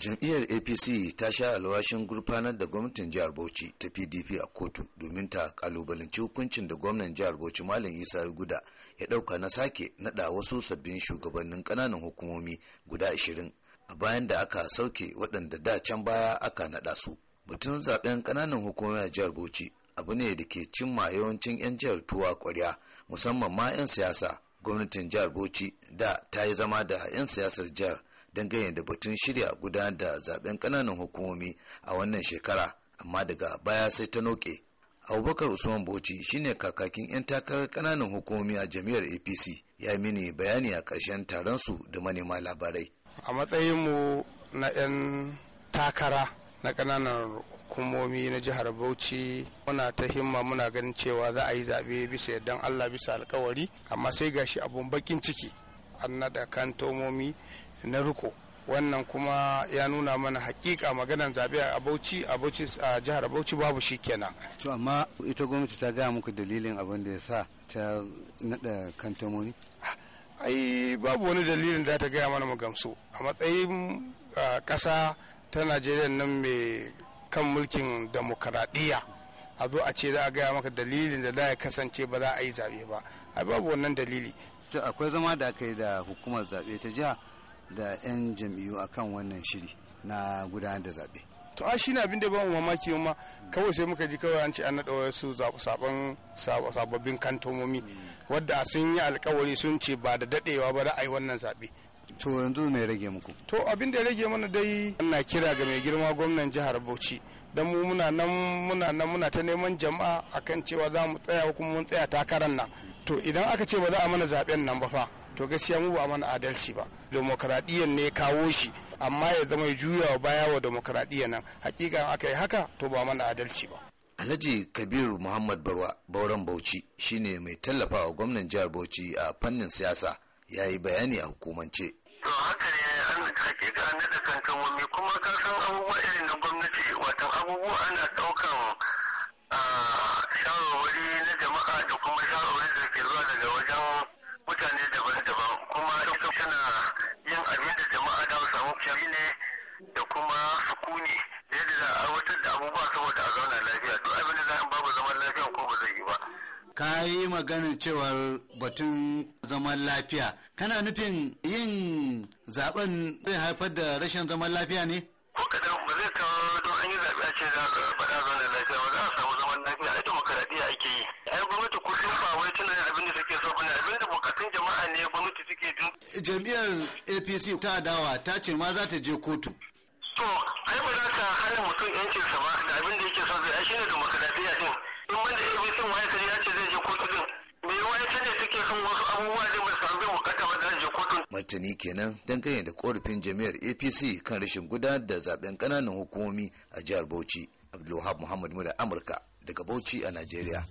jam'iyyar apc ta sha alwashin gurfanar da gwamnatin jihar bauchi ta pdp a kotu domin ta kalubalanci hukuncin da gwamnan jihar bauchi malam isa guda ya dauka na sake nada wasu sabbin shugabannin kananan hukumomi guda 20 a bayan da aka sauke waɗanda da can baya aka nada su batun zaben kananan hukumomi a jihar bauchi abu ne da ke cimma yawancin 'yan jihar tuwa kwarya musamman ma 'yan siyasa gwamnatin jihar bauchi da ta yi zama da 'yan siyasar jihar dangane da batun shirya guda da zaben ƙananan hukumomi a wannan shekara amma daga baya sai ta noke abubakar usman bauchi shine kakakin 'yan takarar ƙananan hukumomi a jami'ar apc ya mini bayani a ƙarshen taron su da manema labarai a matsayinmu na 'yan takara na kananan hukumomi na jihar bauchi muna ta himma muna ganin cewa za a yi zaɓe bisa yardan allah bisa alkawari amma sai gashi abun bakin ciki an naɗa kantomomi na riko wannan kuma ya nuna mana hakika maganar zabe a bauchi a bauchi jihar bauchi babu shi kenan to amma ita gwamnati ta gaya muku dalilin abin da ya sa ta nada kantamoni ai babu wani dalilin da ta gaya mana mu gamsu a matsayin ƙasa ta najeriya nan mai kan mulkin demokaradiyya a zo a ce za a gaya maka dalilin da za ya kasance ba za a yi zaɓe ba ai babu wannan dalili akwai zama da aka yi da hukumar zabe ta jiha da 'yan jam'iyyu akan wannan shiri na gudanar da zaɓe. to a shi ne abin da ba mu mamaki ma kawai sai muka ji kawai an ce an naɗa wasu sabon sababbin kantomomi wadda sun yi alkawari sun ce ba da daɗewa ba za a yi wannan zaɓe to yanzu mai rage muku to abin da ya rage mana dai ana kira ga mai girma gwamnan jihar bauchi don mu muna nan muna nan muna ta neman jama'a akan cewa za mu tsaya kuma mun tsaya takarar nan to idan aka ce ba za a mana zaɓen nan ba fa to gaskiya mu ba mana adalci ba demokaradiyyar ne kawo shi amma ya zama juya wa baya wa demokaradiyyar nan hakika aka yi haka to ba mana adalci ba Alhaji Kabiru Muhammad Barwa Bauran Bauchi shine mai tallafa wa gwamnan jihar Bauchi a fannin siyasa ya yi bayani a hukumance. To haka ne an hakika na da kankan kuma ka san abubuwa irin na gwamnati watan abubuwa ana dauka matsaloli ne da kuma sukuni yadda za a aiwatar da abubuwa saboda a zauna lafiya duk abin da za a babu zaman lafiya ko ba zai yi ba. ka yi maganin cewar batun zaman lafiya kana nufin yin zaben zai haifar da rashin zaman lafiya ne? ko kadan ba zai kawo don an yi zaɓe a ce za a faɗa zaune lafiya ba za a samu zaman lafiya a ita makaradiya ake yi ai gwamnati kullum ba wai tunanin abin da jam'iyyar apc ta adawa ta ce ma za ta je kotu to ai ba za ka hana mutum sa ba da abin da yake son zai shi ne demokaradiyya din in wanda apc ma'aikata ya ce zai je kotu din me yawa ita ne take son wasu abubuwa da ba samu zai bukata ba zai je kotu martani kenan dangane da korafin jami'ar apc kan rashin gudanar da zaben kananan hukumomi a jihar bauchi abdulwahab muhammad mura amurka daga bauchi a najeriya